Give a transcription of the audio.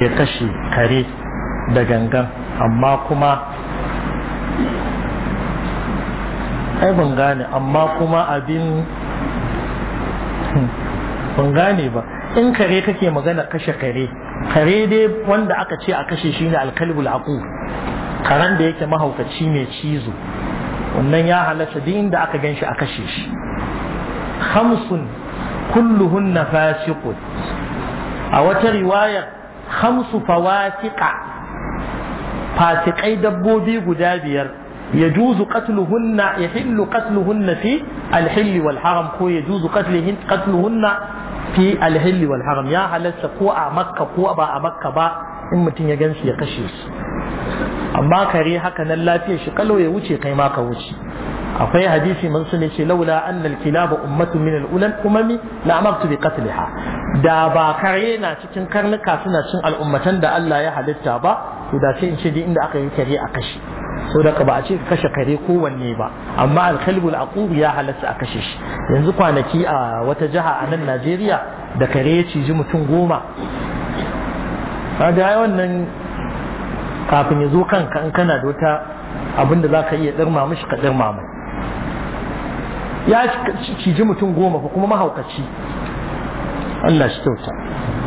ya kashe kare da gangan amma kuma ai ban gane amma kuma abin ban gane ba in kare kake magana kashe kare kare dai wanda aka ce a kashe shi ne alkalibul aku karen da yake mahaukaci mai cizo wannan ya halatta duk inda aka gan shi a kashe shi kulluhun na fasiqun a wata riwayar khamsu fawasiqa fasikai dabbobi guda biyar يجوز قتلهن يحل قتلهن في الحل Ko ya juzu قتلهن قتلهن في الحل والحرم Ya حلال ko a Makka ko ba a Makka ba, in mutum ya gansu ya kashe su amma kare haka nan lafiyar shi kalau ya wuce kai ma ka wuce akwai hadisi masu sunne ce laula annal kilaba ummatu min al umami la amartu bi qatliha da ba kare na cikin karnuka suna cin al'ummatan da Allah ya halitta ba to da sai in ce inda aka yi kare a kashe so da ba a ce kashe kare kowanne ba amma alkalbul aqur ya halatta a kashe shi yanzu kwanaki a wata jiha a nan Najeriya da kare ya ciji mutum goma da wannan kafin ya zo kanka in kana da wata abin da zaka iya dirma mishi ka dirma mai ya ciji mutum goma ko kuma mahaukaci Allah shi kyauta